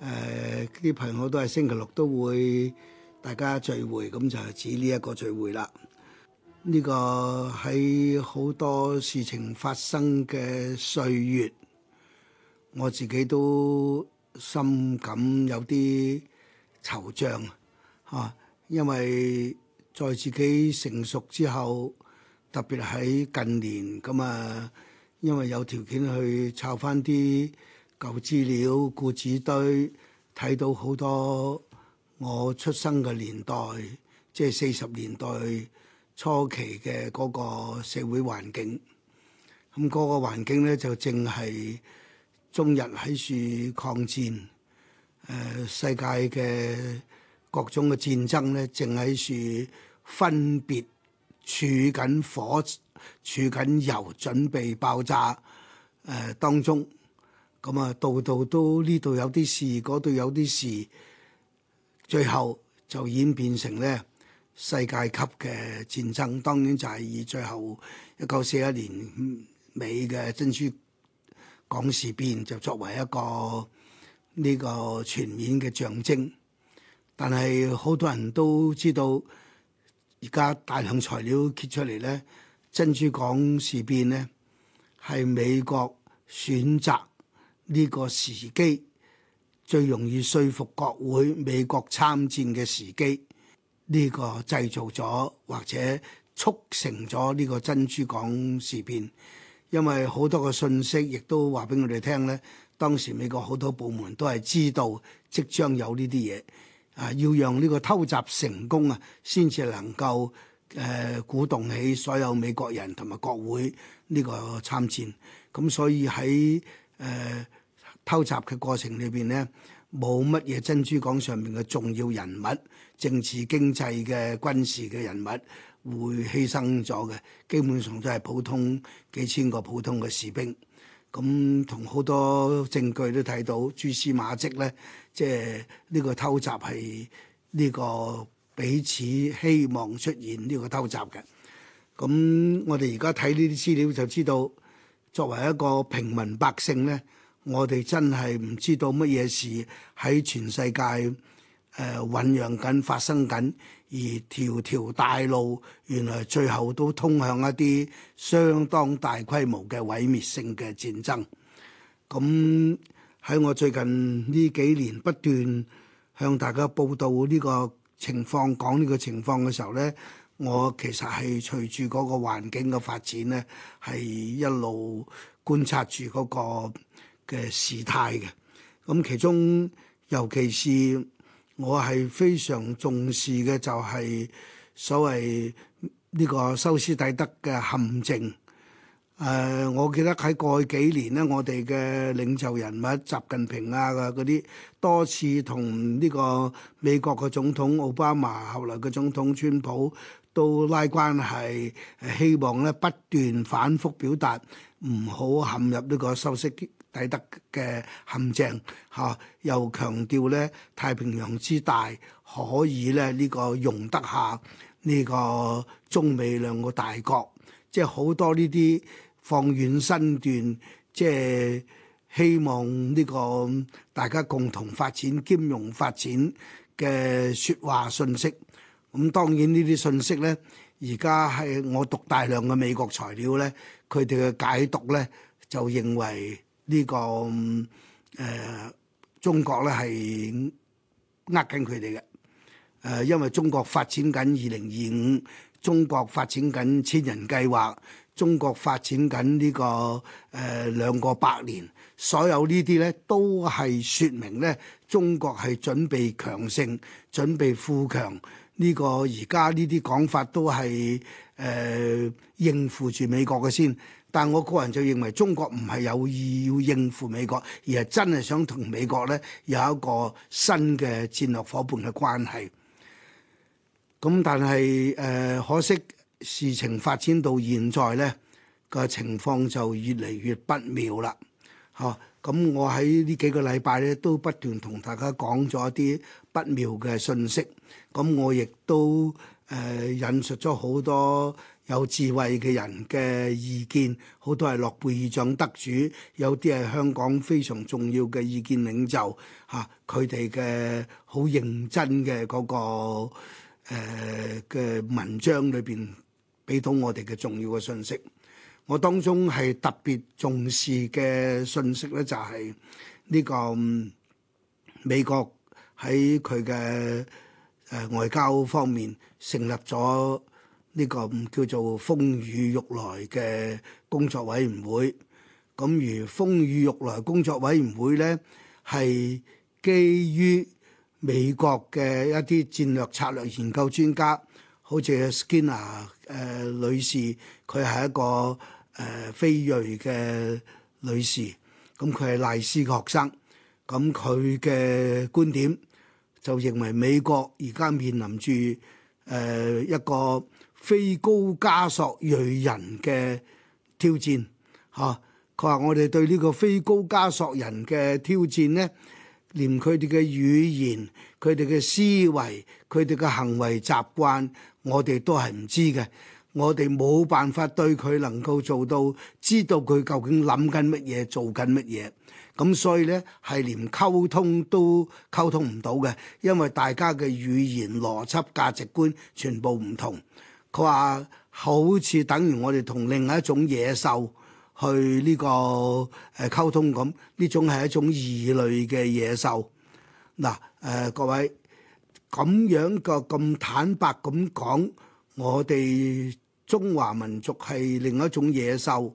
誒啲、呃、朋友都係星期六都會大家聚會，咁就係指呢一個聚會啦。呢、這個喺好多事情發生嘅歲月，我自己都深感有啲惆悵，啊！因為在自己成熟之後，特別喺近年咁啊、嗯，因為有條件去湊翻啲。舊資料、故紙堆，睇到好多我出生嘅年代，即係四十年代初期嘅嗰個社會環境。咁嗰個環境咧，就淨係中日喺處抗戰，誒、呃、世界嘅各種嘅戰爭咧，正喺處分別儲緊火、儲緊油，準備爆炸誒、呃、當中。咁啊，度度都呢度有啲事，嗰度有啲事，最後就演變成咧世界級嘅戰爭，當然就係以最後一九四一年尾嘅珍珠港事變就作為一個呢個全面嘅象徵。但係好多人都知道，而家大量材料揭出嚟咧，珍珠港事變咧係美國選擇。呢個時機最容易說服國會美國參戰嘅時機，呢、這個製造咗或者促成咗呢個珍珠港事變，因為好多個信息亦都話俾我哋聽咧，當時美國好多部門都係知道即將有呢啲嘢啊，要讓呢個偷襲成功啊，先至能夠誒、呃、鼓動起所有美國人同埋國會呢個參戰。咁、嗯、所以喺誒。呃偷襲嘅過程裏邊呢，冇乜嘢珍珠港上面嘅重要人物，政治經濟嘅軍事嘅人物會犧牲咗嘅，基本上都係普通幾千個普通嘅士兵。咁同好多證據都睇到，蛛絲馬跡呢，即係呢個偷襲係呢個彼此希望出現呢個偷襲嘅。咁我哋而家睇呢啲資料就知道，作為一個平民百姓呢。我哋真係唔知道乜嘢事喺全世界誒醖、呃、釀緊發生緊，而條條大路原來最後都通向一啲相當大規模嘅毀滅性嘅戰爭。咁喺我最近呢幾年不斷向大家報道呢個情況，講呢個情況嘅時候咧，我其實係隨住嗰個環境嘅發展咧，係一路觀察住嗰、嗰個。嘅事態嘅咁、嗯，其中尤其是我係非常重視嘅，就係所謂呢個修斯底德嘅陷阱。誒、呃，我記得喺過去幾年呢我哋嘅領袖人物習近平啊，嗰啲多次同呢個美國嘅總統奧巴馬，後來嘅總統川普都拉關係，希望咧不斷反覆表達唔好陷入呢個修斯。抵得嘅陷阱吓、啊，又強調咧太平洋之大可以咧呢個容得下呢個中美兩個大國，即係好多呢啲放軟身段，即係希望呢個大家共同發展、兼容發展嘅說話信息。咁當然呢啲信息咧，而家係我讀大量嘅美國材料咧，佢哋嘅解讀咧就認為。呢、這個誒、呃、中國咧係呃緊佢哋嘅，誒因為中國發展緊二零二五，中國發展緊千人計劃，中國發展緊呢個誒兩個百年，所有呢啲咧都係説明咧中國係準備強盛、準備富強。呢、這個而家呢啲講法都係誒、呃、應付住美國嘅先。但我個人就認為中國唔係有意要應付美國，而係真係想同美國咧有一個新嘅戰略伙伴嘅關係。咁但係誒可惜事情發展到現在咧個情況就越嚟越不妙啦。嚇！咁我喺呢幾個禮拜咧都不斷同大家講咗一啲不妙嘅信息。咁我亦都誒引述咗好多。有智慧嘅人嘅意見好多係諾貝爾獎得主，有啲係香港非常重要嘅意見領袖，吓、啊，佢哋嘅好認真嘅嗰、那個誒嘅、呃、文章裏邊俾到我哋嘅重要嘅信息。我當中係特別重視嘅信息咧、就是，就係呢個、嗯、美國喺佢嘅誒外交方面成立咗。呢個叫做風雨欲來嘅工作委員會，咁而「風雨欲來」工作委員會咧，係基於美國嘅一啲戰略策略研究專家，好似 Skinner 誒、呃、女士，佢係一個誒非、呃、裔嘅女士，咁佢係賴斯嘅學生，咁佢嘅觀點就認為美國而家面臨住誒一個非高加索裔人嘅挑戰，吓，佢話我哋對呢個非高加索人嘅挑戰呢，連佢哋嘅語言、佢哋嘅思維、佢哋嘅行為習慣，我哋都係唔知嘅。我哋冇辦法對佢能夠做到知道佢究竟諗緊乜嘢、做緊乜嘢。咁所以呢，係連溝通都溝通唔到嘅，因為大家嘅語言、邏輯、價值觀全部唔同。佢話好似等於我哋同另外一種野獸去呢個誒溝通咁，呢種係一種異類嘅野獸。嗱、呃、誒、呃，各位咁樣個咁坦白咁講，我哋中華民族係另一種野獸。誒、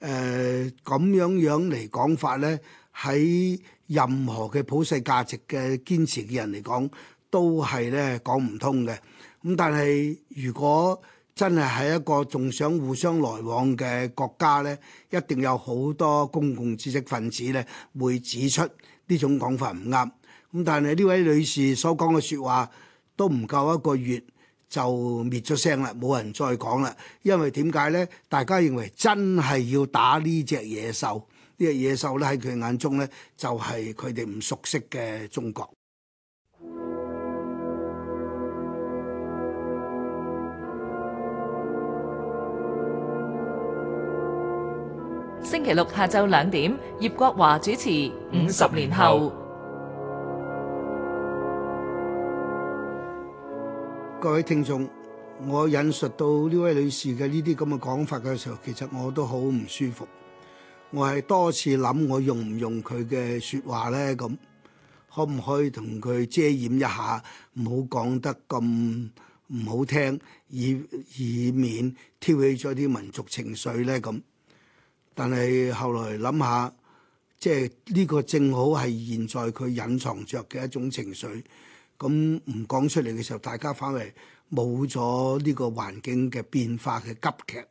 呃、咁樣樣嚟講法咧，喺任何嘅普世價值嘅堅持嘅人嚟講，都係咧講唔通嘅。咁但係如果真係喺一個仲想互相來往嘅國家呢，一定有好多公共知識分子咧會指出呢種講法唔啱。咁但係呢位女士所講嘅説話都唔夠一個月就滅咗聲啦，冇人再講啦。因為點解呢？大家認為真係要打呢隻野獸，呢隻野獸咧喺佢眼中呢，就係佢哋唔熟悉嘅中國。星期六下晝兩點，葉國華主持《五十年後》。各位聽眾，我引述到呢位女士嘅呢啲咁嘅講法嘅時候，其實我都好唔舒服。我係多次諗，我用唔用佢嘅說話呢？咁可唔可以同佢遮掩一下，唔好講得咁唔好聽，以以免挑起咗啲民族情緒呢？咁。但係後來諗下，即係呢個正好係現在佢隱藏着嘅一種情緒，咁唔講出嚟嘅時候，大家反為冇咗呢個環境嘅變化嘅急劇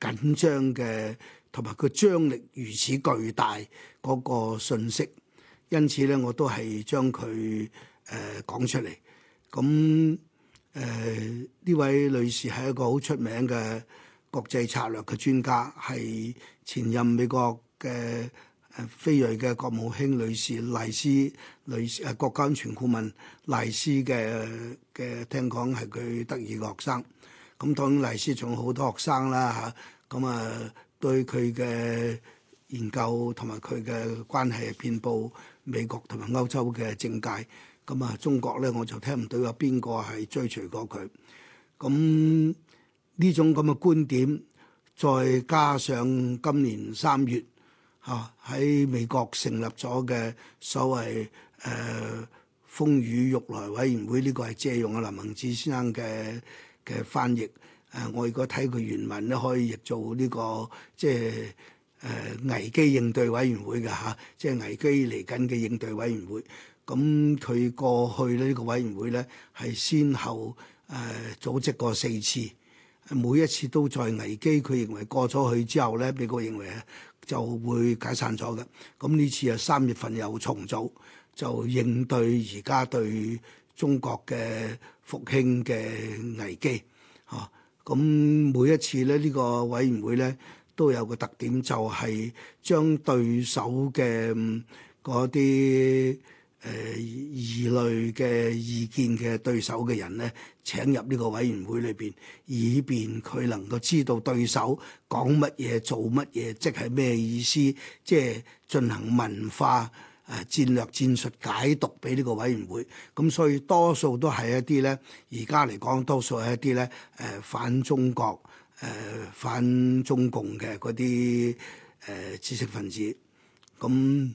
緊張嘅，同埋個張力如此巨大嗰個信息，因此咧，我都係將佢誒、呃、講出嚟。咁誒呢位女士係一個好出名嘅。國際策略嘅專家係前任美國嘅飛睿嘅國務卿女士麗斯女士、啊，國家安全顧問麗斯嘅嘅、啊、聽講係佢得意嘅學生。咁當然麗斯仲有好多學生啦嚇。咁啊，啊，對佢嘅研究同埋佢嘅關係遍布美國同埋歐洲嘅政界。咁啊，中國咧，我就聽唔到有邊個係追隨過佢。咁。呢種咁嘅觀點，再加上今年三月嚇喺、啊、美國成立咗嘅所謂誒、呃、風雨欲來委員會，呢、這個係借用阿林明志先生嘅嘅翻譯。誒、啊，我如果睇佢原文咧，可以譯做呢個即係誒、呃、危機應對委員會嘅嚇、啊，即係危機嚟緊嘅應對委員會。咁、啊、佢過去咧呢、這個委員會咧係先後誒、呃、組織過四次。每一次都在危機，佢認為過咗去之後咧，美國認為就會解散咗嘅。咁呢次啊，三月份又重組，就應對而家對中國嘅復興嘅危機。嚇！咁每一次咧，呢個委員會咧都有個特點，就係、是、將對手嘅嗰啲。誒二類嘅意見嘅對手嘅人咧，請入呢個委員會裏邊，以便佢能夠知道對手講乜嘢、做乜嘢，即係咩意思，即係進行文化誒、呃、戰略戰術解讀俾呢個委員會。咁所以多數都係一啲咧，而家嚟講多數係一啲咧誒反中國、誒、呃、反中共嘅嗰啲誒知識分子。咁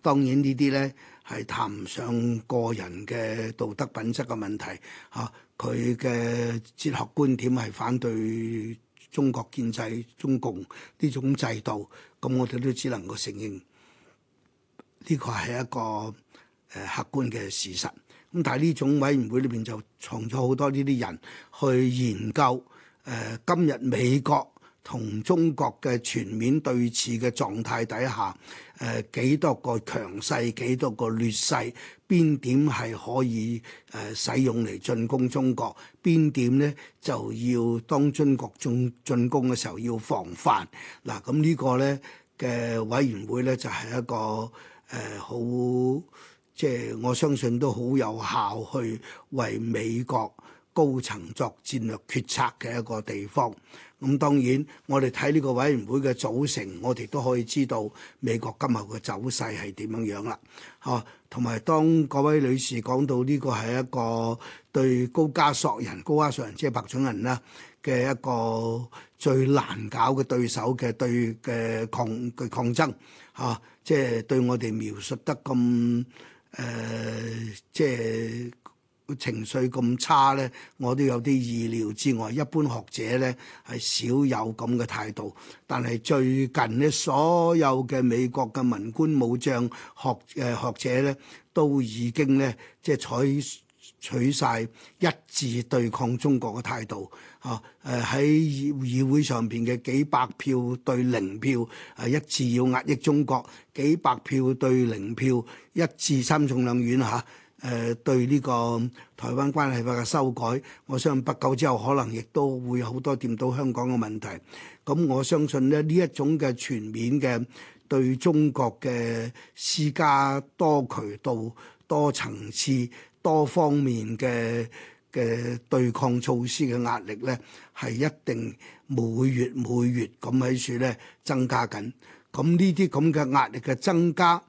當然呢啲咧。係談唔上個人嘅道德品質嘅問題，吓，佢嘅哲學觀點係反對中國建制、中共呢種制度，咁我哋都只能夠承認呢個係一個誒、呃、客觀嘅事實。咁但係呢種委員會裏邊就藏咗好多呢啲人去研究誒、呃、今日美國。同中國嘅全面對峙嘅狀態底下，誒、呃、幾多個強勢，幾多個劣勢，邊點係可以誒、呃、使用嚟進攻中國？邊點咧就要當中國進進攻嘅時候要防範。嗱，咁呢個咧嘅委員會咧就係、是、一個誒好、呃，即係我相信都好有效去為美國高層作戰略決策嘅一個地方。咁當然，我哋睇呢個委員會嘅組成，我哋都可以知道美國今後嘅走勢係點樣樣啦。嚇、啊，同埋當嗰位女士講到呢個係一個對高加索人、高加索人即係白種人啦嘅一個最難搞嘅對手嘅對嘅抗嘅抗爭嚇、啊，即係對我哋描述得咁誒、呃，即係。情緒咁差呢，我都有啲意料之外。一般學者呢，係少有咁嘅態度，但係最近呢，所有嘅美國嘅文官武將學誒學者呢，都已經呢，即係採取晒一致對抗中國嘅態度。嚇，誒喺議會上邊嘅幾百票對零票，誒一致要壓抑中國，幾百票對零票，一致參眾兩院。嚇。誒對呢個台灣關係法嘅修改，我相信不久之後可能亦都會有好多掂到香港嘅問題。咁我相信咧，呢一種嘅全面嘅對中國嘅施加多渠道、多層次、多方面嘅嘅對抗措施嘅壓力咧，係一定每月每月咁喺處咧增加緊。咁呢啲咁嘅壓力嘅增加。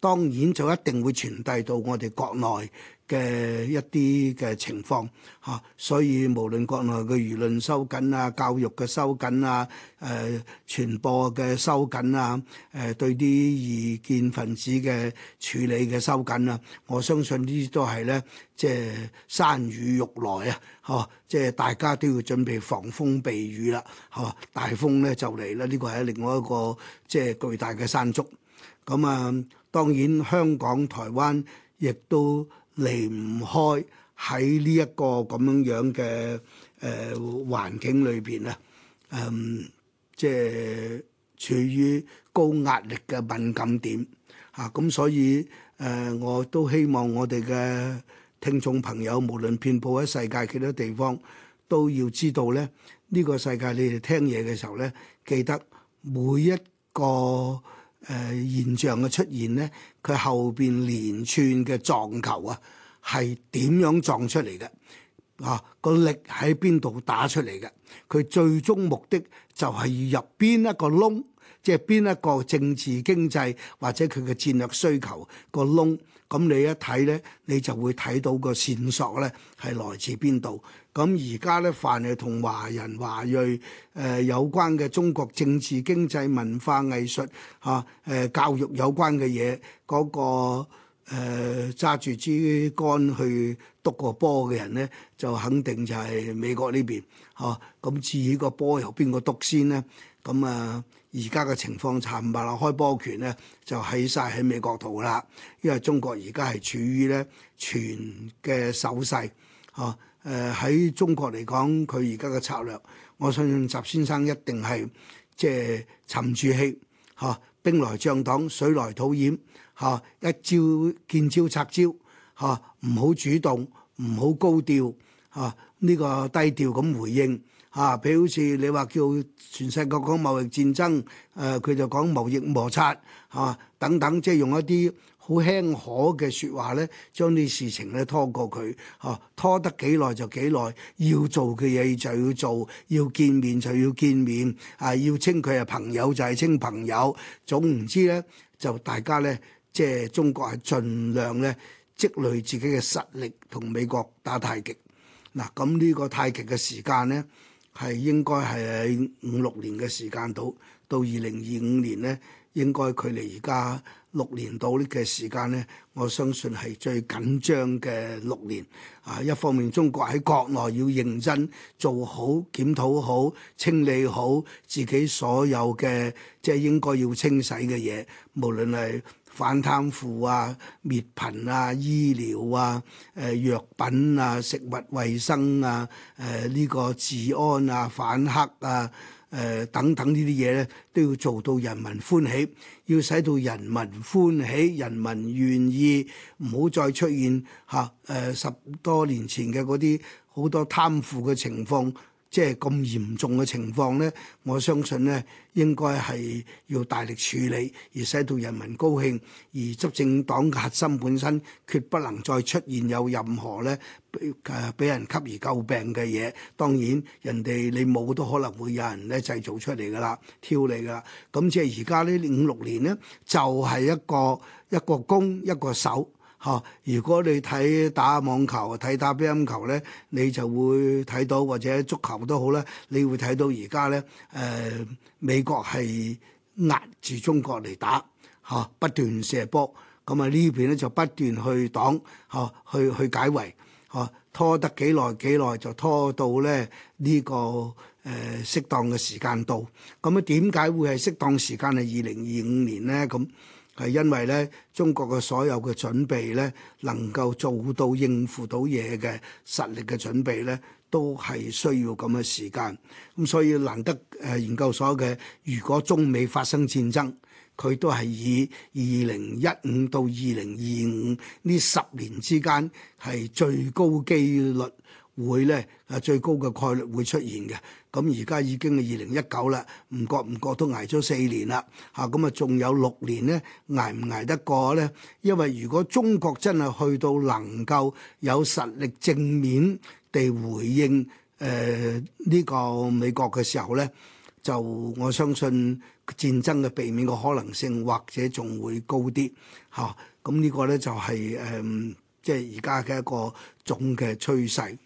當然就一定會傳遞到我哋國內嘅一啲嘅情況嚇，所以無論國內嘅輿論收緊啊、教育嘅收緊啊、誒、呃、傳播嘅收緊啊、誒、呃、對啲異見分子嘅處理嘅收緊啊，我相信呢啲都係咧，即、就、係、是、山雨欲來啊，嚇！即係大家都要準備防風避雨啦，嚇、啊！大風咧就嚟啦，呢、這個係另外一個即係、就是、巨大嘅山竹，咁啊～當然，香港、台灣亦都離唔開喺呢一個咁樣樣嘅誒環境裏邊咧，誒、嗯、即係處於高壓力嘅敏感點嚇，咁、啊嗯、所以誒、呃、我都希望我哋嘅聽眾朋友，無論遍布喺世界幾多地方，都要知道咧，呢、呢個世界你哋聽嘢嘅時候咧，記得每一個，誒、呃、現象嘅出現咧，佢後邊連串嘅撞球啊，係點樣撞出嚟嘅？啊，個力喺邊度打出嚟嘅？佢最終目的就係入邊一個窿，即係邊一個政治經濟或者佢嘅戰略需求個窿。咁你一睇咧，你就會睇到個線索咧，係來自邊度？咁而家咧，凡係同華人華裔誒、呃、有關嘅中國政治、經濟、文化、藝術嚇、誒、啊呃、教育有關嘅嘢，嗰、嗰個誒揸住支竿去督個波嘅人咧，就肯定就係美國呢邊，嚇、啊、咁至於個波由邊個督先咧？咁啊，而家嘅情況就唔係啦，開波權咧就喺晒喺美國度啦。因為中國而家係處於咧全嘅手勢，嚇、誒喺中國嚟講，佢而家嘅策略，我相信習先生一定係即係沉住氣，嚇、啊、兵來將擋，水來土掩，嚇、啊、一招見招拆招。嚇、啊、唔好主動，唔好高調嚇。呢、啊這個低調咁回應嚇，啊、譬如好似你話叫全世界講貿易戰爭，誒、啊、佢就講貿易摩擦嚇、啊、等等，即係用一啲好輕可嘅説話呢，將啲事情咧拖過佢嚇、啊，拖得幾耐就幾耐。要做嘅嘢就要做，要見面就要見面，啊，要稱佢係朋友就係稱朋友。總言之呢，就大家呢，即係中國係盡量呢。積累自己嘅實力，同美國打太極。嗱，咁呢個太極嘅時間呢，係應該係喺五六年嘅時間度。到二零二五年呢，應該距離而家六年度呢嘅時間呢，我相信係最緊張嘅六年。啊，一方面中國喺國內要認真做好、檢討好、清理好自己所有嘅即係應該要清洗嘅嘢，無論係。反貪腐啊、滅貧啊、醫療啊、誒、呃、藥品啊、食物衞生啊、誒、呃、呢、呢個治安啊、反黑啊、誒、呃、等等呢啲嘢咧，都要做到人民歡喜，要使到人民歡喜、人民願意，唔好再出現嚇誒、呃、十多年前嘅嗰啲好多貪腐嘅情況。即係咁嚴重嘅情況咧，我相信咧應該係要大力處理，而使到人民高興。而執政黨核心本身決不能再出現有任何咧誒俾人給而詬病嘅嘢。當然人哋你冇都可能會有人咧製造出嚟㗎啦，挑你㗎啦。咁即係而家呢五六年咧，就係一個一個攻一個守。嚇！如果你睇打網球、睇打乒乓球咧，你就會睇到或者足球都好啦。你會睇到而家咧，誒、呃、美國係壓住中國嚟打，嚇、啊、不斷射波，咁啊呢邊咧就不斷去擋，嚇、啊、去去解圍，嚇、啊、拖得幾耐幾耐就拖到咧呢、這個誒、呃、適當嘅時，時間到，咁啊點解會係適當時間係二零二五年咧咁？係因為咧，中國嘅所有嘅準備咧，能夠做到應付到嘢嘅實力嘅準備咧，都係需要咁嘅時間。咁所以蘭德研究所嘅，如果中美發生戰爭，佢都係以二零一五到二零二五呢十年之間係最高機率。會咧，誒最高嘅概率會出現嘅。咁而家已經係二零一九啦，唔覺唔覺都挨咗四年啦，嚇咁啊，仲有六年咧，挨唔挨得過咧？因為如果中國真係去到能夠有實力正面地回應誒呢、呃呢個美國嘅時候咧，就我相信戰爭嘅避免嘅可能性或者仲會高啲嚇。咁、啊、呢、嗯呢個咧就係、是、誒。呃即係而家嘅一個總嘅趨勢。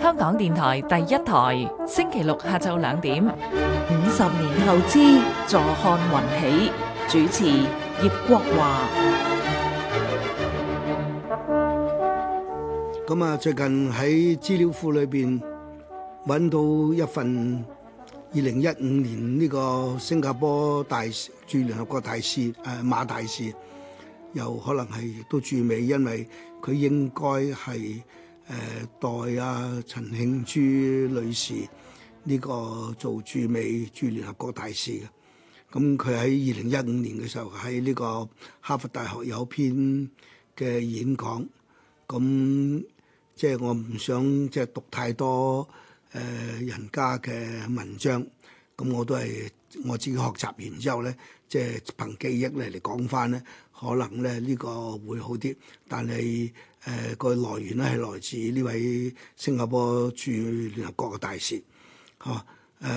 香港電台第一台，星期六下晝兩點。五十年後之，坐看雲起。主持葉國華。咁啊，最近喺資料庫裏邊揾到一份。二零一五年呢個新加坡大駐聯合國大使，誒、呃、馬大使，又可能係都駐美，因為佢應該係誒、呃、代阿、啊、陳慶珠女士呢、呢個做駐美駐聯合國大使嘅。咁佢喺二零一五年嘅時候喺呢個哈佛大學有篇嘅演講，咁、嗯、即係我唔想即係讀太多。誒、呃、人家嘅文章，咁、嗯、我都係我自己學習完之後咧，即係憑記憶咧嚟講翻咧，可能咧呢、呢個會好啲。但係誒、呃，嗰個來源咧係來自呢位新加坡駐聯合國嘅大使。嚇、誒、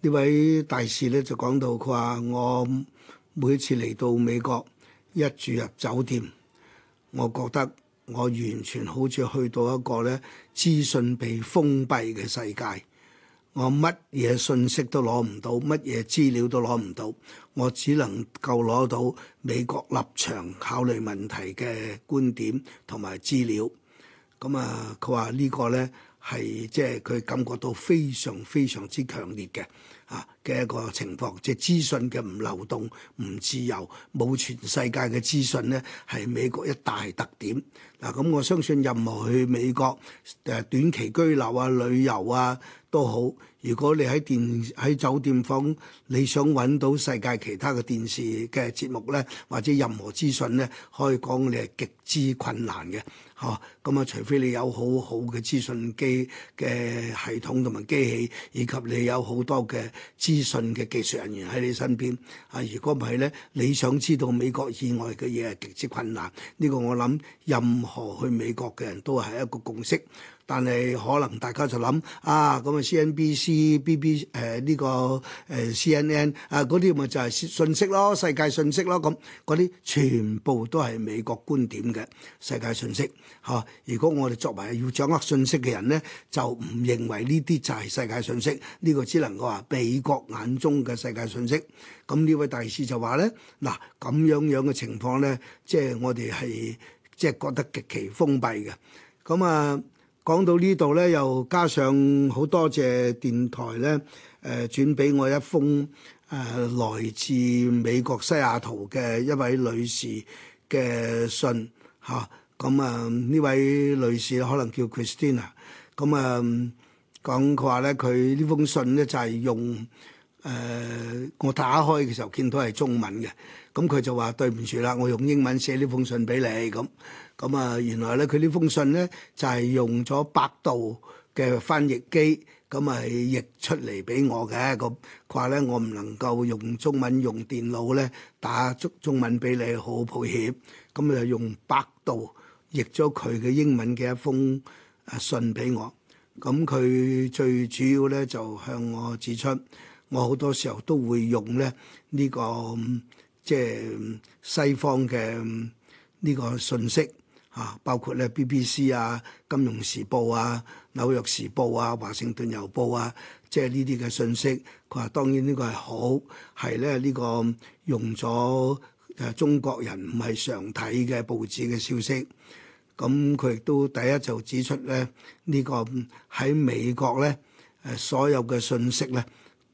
呢位大使咧就講到佢話：我每次嚟到美國一住入酒店，我覺得我完全好似去到一個咧。資訊被封閉嘅世界，我乜嘢信息都攞唔到，乜嘢資料都攞唔到，我只能夠攞到美國立場考慮問題嘅觀點同埋資料。咁、嗯、啊，佢話呢個呢係即係佢感覺到非常非常之強烈嘅。啊嘅一個情況，即係資訊嘅唔流動、唔自由、冇全世界嘅資訊咧，係美國一大特點。嗱，咁我相信任何去美國誒短期居留啊、旅遊啊都好，如果你喺電喺酒店房，你想揾到世界其他嘅電視嘅節目咧，或者任何資訊咧，可以講你係極之困難嘅。嚇，咁啊，除非你有好好嘅資訊機嘅系統同埋機器，以及你有好多嘅。資訊嘅技術人員喺你身邊啊！如果唔係咧，你想知道美國以外嘅嘢係極之困難。呢個我諗任何去美國嘅人都係一個共識。但係可能大家就諗啊，咁啊，C N B C、呃、B B C 呢個誒、呃、C N N 啊，嗰啲咪就係信息咯，世界信息咯，咁嗰啲全部都係美國觀點嘅世界信息嚇、啊。如果我哋作為要掌握信息嘅人咧，就唔認為呢啲就係世界信息，呢、呢個只能夠話美國眼中嘅世界信息。咁、啊、呢位大師就話咧，嗱，咁、啊、樣樣嘅情況咧，即係我哋係即係覺得極其封閉嘅。咁啊～講到呢度咧，又加上好多謝電台咧，誒、呃、轉俾我一封誒、呃、來自美國西雅圖嘅一位女士嘅信嚇。咁啊，呢、嗯、位女士可能叫 Christina。咁啊，講佢話咧，佢呢封信咧就係、是、用。誒、呃，我打開嘅時候見到係中文嘅，咁佢就話對唔住啦，我用英文寫呢封信俾你咁咁啊。原來咧，佢呢封信咧就係、是、用咗百度嘅翻譯機咁咪譯出嚟俾我嘅。咁佢話咧，我唔能夠用中文用電腦咧打中中文俾你，好抱歉。咁就用百度譯咗佢嘅英文嘅一封信俾我。咁佢最主要咧就向我指出。我好多時候都會用咧呢、呢個即係西方嘅呢個信息啊，包括咧 BBC 啊、金融時報啊、紐約時報啊、華盛頓郵報啊，即係呢啲嘅信息。佢話當然個呢個係好係咧呢個用咗誒中國人唔係常睇嘅報紙嘅消息。咁佢亦都第一就指出咧呢、呢個喺美國咧誒所有嘅信息咧。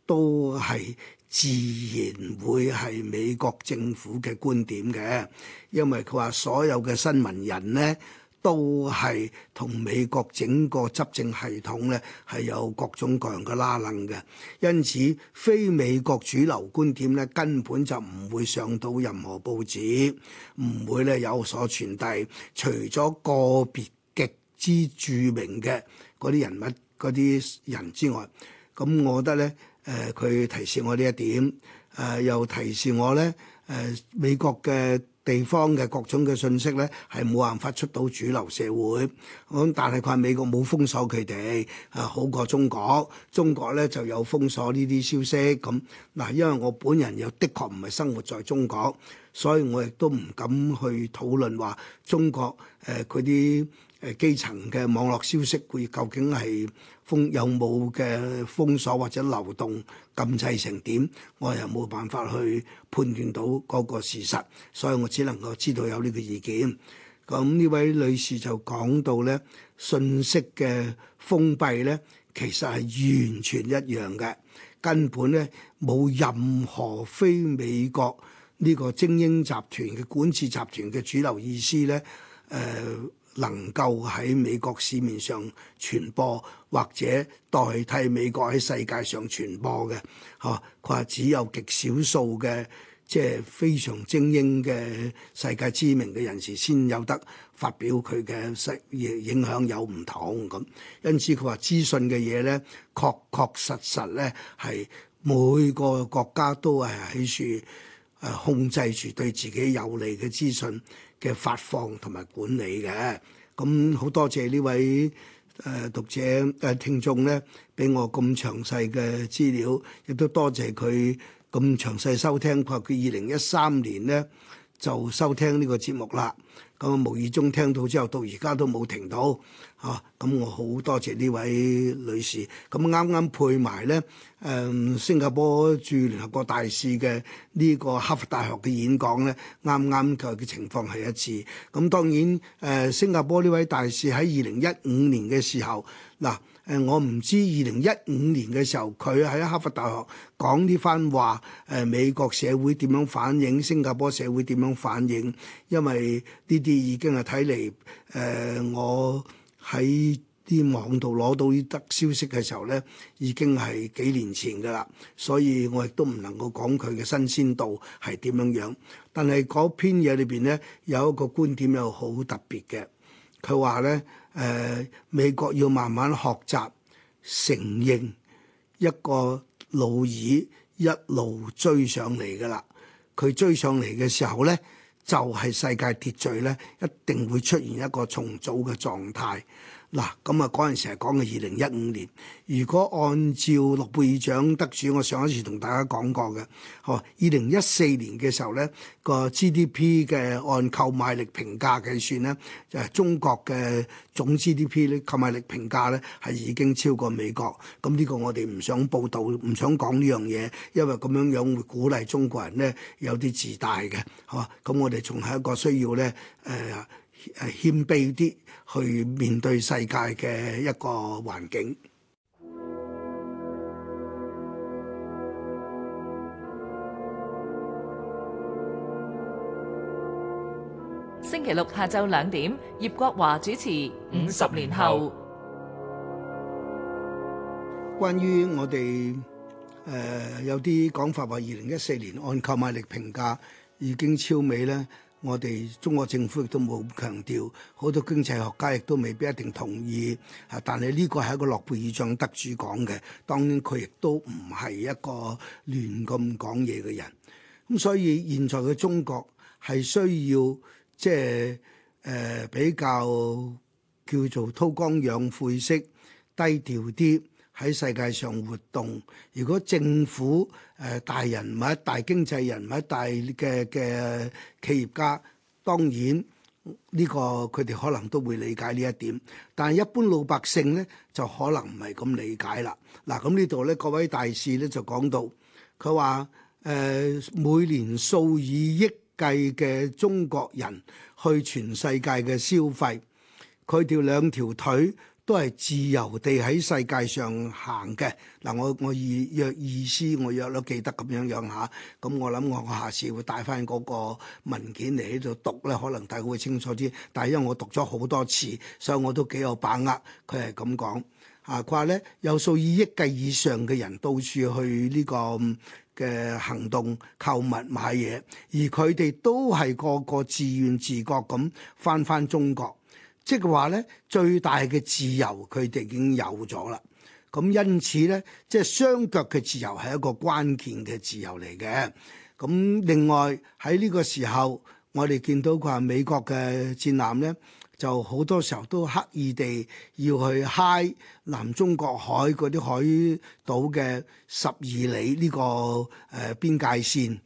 都係自然會係美國政府嘅觀點嘅，因為佢話所有嘅新聞人呢，都係同美國整個執政系統呢，係有各種各樣嘅拉楞嘅，因此非美國主流觀點呢，根本就唔會上到任何報紙，唔會咧有所傳遞，除咗個別極之著名嘅嗰啲人物、嗰啲人之外，咁我覺得呢。誒佢、呃提，呃、提示我呢一點，誒又提示我咧，誒美國嘅地方嘅各種嘅信息咧係冇辦法出到主流社會，咁、嗯、但佢話美國冇封鎖佢哋，啊、呃、好過中國，中國咧就有封鎖呢啲消息。咁嗱、呃，因為我本人又的確唔係生活在中國，所以我亦都唔敢去討論話中國誒佢啲。呃誒，基層嘅網絡消息會究竟係封有冇嘅封鎖或者流動禁制成點？我又冇辦法去判斷到嗰個事實，所以我只能夠知道有呢個意見。咁呢位女士就講到咧，信息嘅封閉咧，其實係完全一樣嘅，根本咧冇任何非美國呢個精英集團嘅管治集團嘅主流意思咧，誒、呃。能夠喺美國市面上傳播，或者代替美國喺世界上傳播嘅，嚇佢話只有極少數嘅，即係非常精英嘅世界知名嘅人士先有得發表佢嘅識，影響有唔同咁。因此佢話資訊嘅嘢咧，確確實實咧係每個國家都係喺處誒控制住對自己有利嘅資訊，嘅發放同埋管理嘅，咁好多謝呢位誒、呃、讀者誒、呃、聽眾咧，俾我咁詳細嘅資料，亦都多謝佢咁詳細收聽，佢話佢二零一三年咧就收聽呢個節目啦。咁無意中聽到之後，到而家都冇停到嚇。咁、啊嗯、我好多謝呢位女士。咁啱啱配埋咧，誒、嗯、新加坡駐聯合國大使嘅呢個哈佛大學嘅演講咧，啱啱佢嘅情況係一次。咁、嗯、當然誒、呃，新加坡呢位大使喺二零一五年嘅時候嗱。誒，我唔知二零一五年嘅時候，佢喺哈佛大學講呢番話，誒、呃、美國社會點樣反應？新加坡社會點樣反應？因為呢啲已經係睇嚟，誒、呃、我喺啲網度攞到呢則消息嘅時候咧，已經係幾年前噶啦，所以我亦都唔能夠講佢嘅新鮮度係點樣樣。但係嗰篇嘢裏邊咧，有一個觀點又好特別嘅，佢話咧。誒、呃、美國要慢慢學習承認一個老二一路追上嚟㗎喇，佢追上嚟嘅時候呢，就係、是、世界秩序呢，一定會出現一個重組嘅狀態。嗱，咁啊嗰陣時係講嘅二零一五年，如果按照諾貝爾獎得主，我上一次同大家講過嘅，好二零一四年嘅時候咧，個 GDP 嘅按購買力評價計算咧，就係、是、中國嘅總 GDP 咧購買力評價咧係已經超過美國。咁呢個我哋唔想報導，唔想講呢樣嘢，因為咁樣樣會鼓勵中國人咧有啲自大嘅，好，咁我哋仲係一個需要咧，誒、呃。誒、啊、謙卑啲去面對世界嘅一個環境。星期六下晝兩點，葉國華主持《五十年後》。關於我哋誒、呃、有啲講法話，二零一四年按購買力評價已經超美咧。我哋中國政府亦都冇強調，好多經濟學家亦都未必一定同意。啊，但係呢個係一個諾貝爾獎得主講嘅。當然佢亦都唔係一個亂咁講嘢嘅人。咁所以現在嘅中國係需要即係誒比較叫做韜光養晦式，低調啲，喺世界上活動，如果政府誒、呃、大人或者大經濟人或者大嘅嘅企業家，當然呢、呢個佢哋可能都會理解呢一點，但係一般老百姓咧就可能唔係咁理解啦。嗱，咁呢度咧，各位大使咧就講到，佢話誒每年數以億計嘅中國人去全世界嘅消費，佢條兩條腿。都係自由地喺世界上行嘅，嗱、啊，我我意若意思我若都記得咁樣樣嚇，咁、嗯、我諗我下次會帶翻嗰個文件嚟喺度讀咧，可能大家會清楚啲。但係因為我讀咗好多次，所以我都幾有把握，佢係咁講嚇。佢話咧有數以億計以上嘅人到處去呢、這個嘅行動購物買嘢，而佢哋都係個個自願自覺咁翻翻中國。即係話咧，最大嘅自由佢哋已經有咗啦。咁因此咧，即係雙腳嘅自由係一個關鍵嘅自由嚟嘅。咁另外喺呢個時候，我哋見到佢話美國嘅戰艦咧，就好多時候都刻意地要去嗨南中國海嗰啲海島嘅十二里呢個誒邊界線。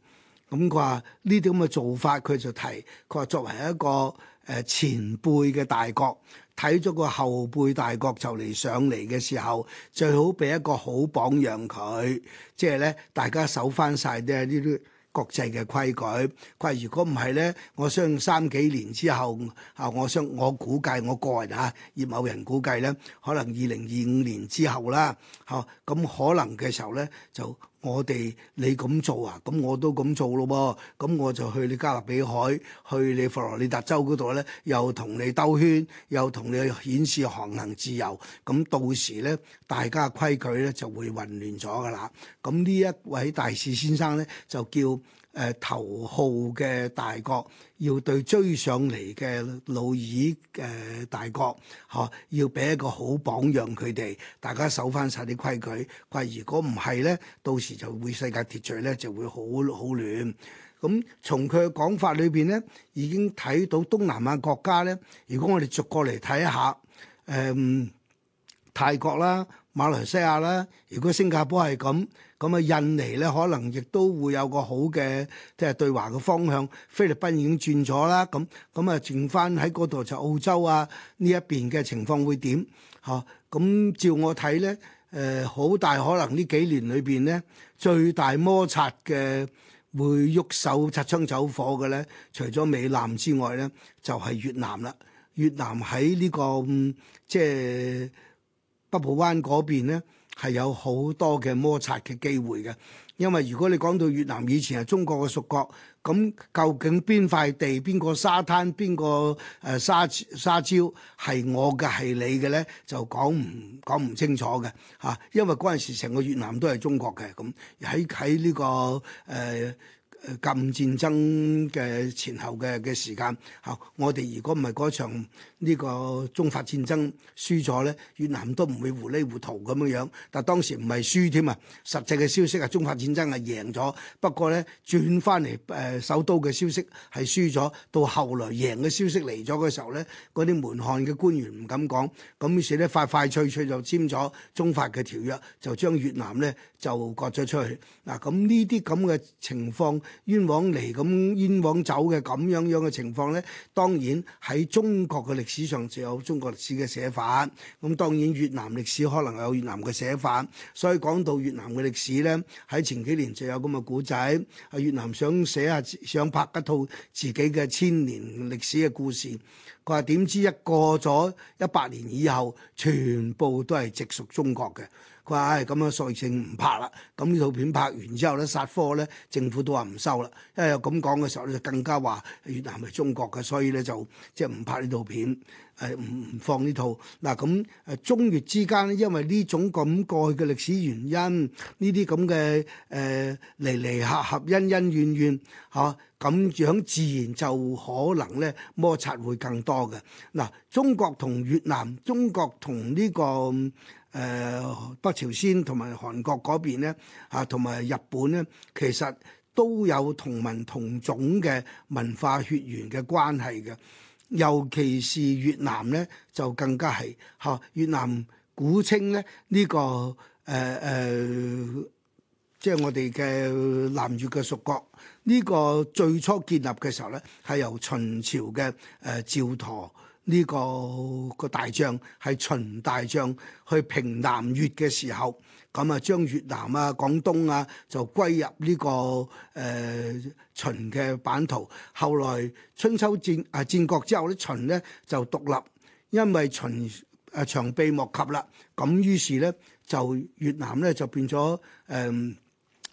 咁佢話呢啲咁嘅做法，佢就提佢話作為一個。誒前輩嘅大國睇咗個後輩大國就嚟上嚟嘅時候，最好俾一個好榜樣佢，即係咧，大家守翻晒啲呢啲國際嘅規矩。佢話如果唔係咧，我相信三幾年之後啊，我想我估計我個人嚇葉某人估計咧，可能二零二五年之後啦，嚇咁可能嘅時候咧就。我哋你咁做啊，咁我都咁做咯噃，咁我就去你加勒比海，去你佛羅里達州嗰度咧，又同你兜圈，又同你顯示航行自由，咁到時咧，大家嘅規矩咧就會混亂咗㗎啦。咁呢一位大使先生咧，就叫。誒、呃、頭號嘅大國要對追上嚟嘅老二誒大國，嚇、啊、要俾一個好榜樣佢哋，大家守翻晒啲規矩。佢如果唔係咧，到時就會世界秩序咧就會好好亂。咁、嗯、從佢嘅講法裏邊咧，已經睇到東南亞國家咧，如果我哋逐個嚟睇一下，誒、嗯、泰國啦。馬來西亞啦，如果新加坡係咁，咁啊印尼咧可能亦都會有個好嘅即係對華嘅方向。菲律賓已經轉咗啦，咁咁啊剩翻喺嗰度就、就是、澳洲啊呢一邊嘅情況會點？嚇、咁照我睇咧，誒、呃、好大可能呢幾年裏邊咧最大摩擦嘅會喐手擦槍走火嘅咧，除咗美南之外咧，就係、是、越南啦。越南喺呢、這個、嗯、即係。北部灣嗰邊呢係有好多嘅摩擦嘅機會嘅，因為如果你講到越南以前係中國嘅屬國，咁究竟邊塊地、邊個沙灘、邊個誒沙沙礁係我嘅係你嘅呢？就講唔講唔清楚嘅嚇、啊，因為嗰陣時成個越南都係中國嘅咁喺喺呢個誒。呃誒革命戰爭嘅前後嘅嘅時間嚇，我哋如果唔係嗰場呢個中法戰爭輸咗呢，越南都唔會糊裡糊塗咁樣樣。但當時唔係輸添啊，實際嘅消息啊，中法戰爭係贏咗。不過呢，轉翻嚟誒首都嘅消息係輸咗。到後來贏嘅消息嚟咗嘅時候呢，嗰啲門漢嘅官員唔敢講，咁於是呢，快快脆脆就簽咗中法嘅條約，就將越南呢就割咗出去。嗱、啊，咁呢啲咁嘅情況。冤枉嚟咁冤枉走嘅咁樣樣嘅情況呢，當然喺中國嘅歷史上就有中國歷史嘅寫法。咁當然越南歷史可能有越南嘅寫法。所以講到越南嘅歷史呢，喺前幾年就有咁嘅古仔。越南想寫下想拍一套自己嘅千年歷史嘅故事，佢話點知一過咗一百年以後，全部都係直屬中國嘅。佢話，哎，咁樣索性唔拍啦。咁呢套片拍完之後咧，殺科咧，政府都話唔收啦。因為有咁講嘅時候咧，就更加話越南係中國嘅，所以咧就即係唔拍呢套片，誒唔放呢套。嗱咁誒中越之間咧，因為呢種咁過去嘅歷史原因，呢啲咁嘅誒離離合合、恩恩怨怨，嚇、啊。咁樣自然就可能咧摩擦會更多嘅。嗱，中國同越南、中國同、這個呃、呢個誒北朝鮮同埋韓國嗰邊咧，嚇同埋日本咧，其實都有同文同種嘅文化血緣嘅關係嘅。尤其是越南咧，就更加係嚇、啊。越南古稱咧呢、這個誒誒。呃呃即係我哋嘅南越嘅屬國，呢、這個最初建立嘅時候咧，係由秦朝嘅誒、呃、趙佗呢個個大將係秦大將去平南越嘅時候，咁啊將越南啊廣東啊就歸入呢、這個誒、呃、秦嘅版圖。後來春秋戰啊戰國之後咧，秦咧就獨立，因為秦啊長臂莫及啦，咁於是咧就越南咧就變咗誒。呃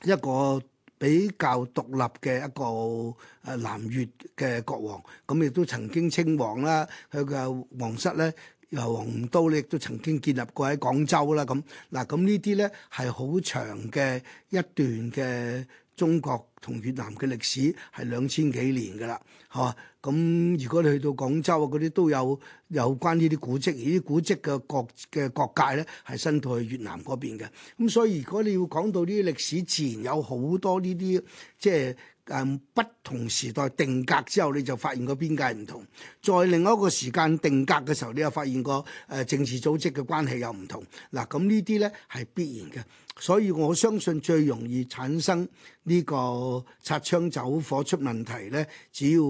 一個比較獨立嘅一個誒南越嘅國王，咁亦都曾經稱王啦。佢嘅皇室咧，由王都咧亦都曾經建立過喺廣州啦。咁嗱，咁呢啲咧係好長嘅一段嘅。中國同越南嘅歷史係兩千幾年㗎啦，嚇、啊、咁如果你去到廣州啊嗰啲都有有關呢啲古蹟，呢啲古蹟嘅國嘅國界咧係伸到去越南嗰邊嘅，咁所以如果你要講到呢啲歷史，自然有好多呢啲即係。誒、嗯、不同時代定格之後，你就發現個邊界唔同；在另一個時間定格嘅時候，你又發現個誒、呃、政治組織嘅關係又唔同。嗱，咁呢啲呢係必然嘅，所以我相信最容易產生呢個擦槍走火出問題呢，只要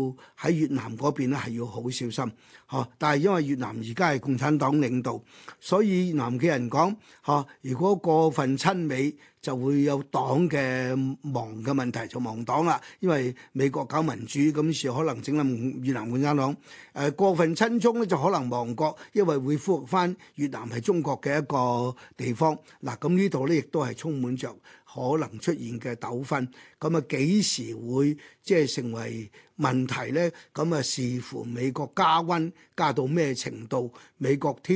喺越南嗰邊呢係要好小心。嚇！但係因為越南而家係共產黨領導，所以越南嘅人講嚇，如果過分親美，就會有黨嘅亡嘅問題，就亡黨啦。因為美國搞民主，咁時可能整冧越南共產黨。誒過分親中咧，就可能亡國，因為會復返越南係中國嘅一個地方。嗱，咁呢度咧亦都係充滿著可能出現嘅糾紛。咁啊幾時會即係成為問題咧？咁啊視乎美國加溫加到咩程度，美國挑。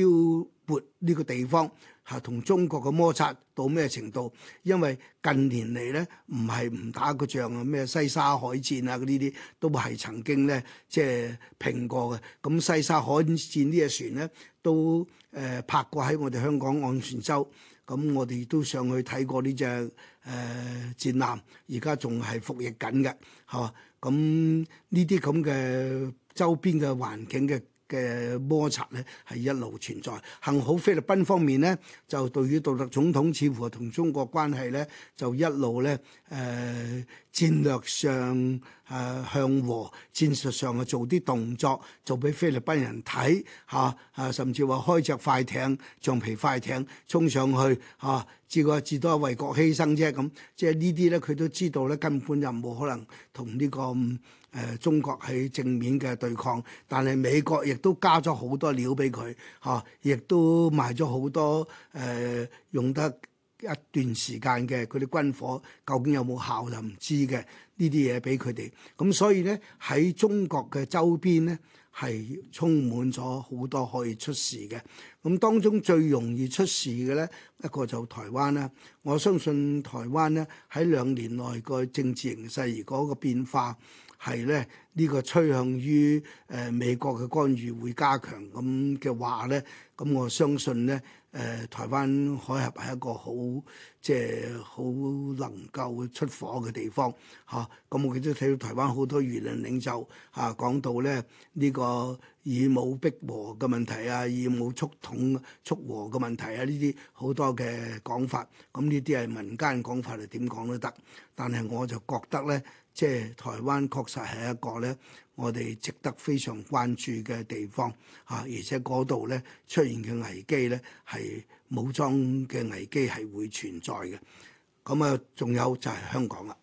呢個地方嚇，同中國嘅摩擦到咩程度？因為近年嚟咧，唔係唔打個仗啊，咩西沙海戰啊，呢啲都係曾經咧即係拼過嘅。咁西沙海戰呢隻船咧，都誒泊、呃、過喺我哋香港昂船洲。咁我哋都上去睇過呢隻誒戰艦，而家仲係服役緊嘅，嚇。咁呢啲咁嘅周邊嘅環境嘅。嘅摩擦咧係一路存在，幸好菲律賓方面呢，就對於杜特總統似乎同中國關係呢，就一路呢誒、呃、戰略上誒向和，戰術上啊、呃、做啲動作做俾菲律賓人睇嚇，啊甚至話開隻快艇橡皮快艇衝上去嚇、啊，至個至多係為國犧牲啫咁，即係呢啲呢，佢都知道呢，根本就冇可能同呢個。誒、呃、中國喺正面嘅對抗，但係美國亦都加咗好多料俾佢，嚇、啊，亦都賣咗好多誒、呃、用得一段時間嘅佢啲軍火，究竟有冇效就唔知嘅呢啲嘢俾佢哋。咁所以咧喺中國嘅周邊咧係充滿咗好多可以出事嘅。咁當中最容易出事嘅咧一個就台灣啦。我相信台灣咧喺兩年內個政治形勢如果個變化，係咧，呢個趨向於誒美國嘅干預會加強咁嘅話咧，咁我相信咧，誒、呃、台灣海峽係一個好即係好能夠出火嘅地方嚇。咁、啊、我亦都睇到台灣好多輿論領袖嚇、啊、講到咧呢、呢個以武逼和嘅問題啊，以武促統促和嘅問題啊，呢啲好多嘅講法。咁呢啲係民間講法，就點講都得。但係我就覺得咧。即係台灣確實係一個咧，我哋值得非常關注嘅地方嚇，而且嗰度咧，出現嘅危機咧，係武裝嘅危機係會存在嘅。咁啊，仲有就係香港啦。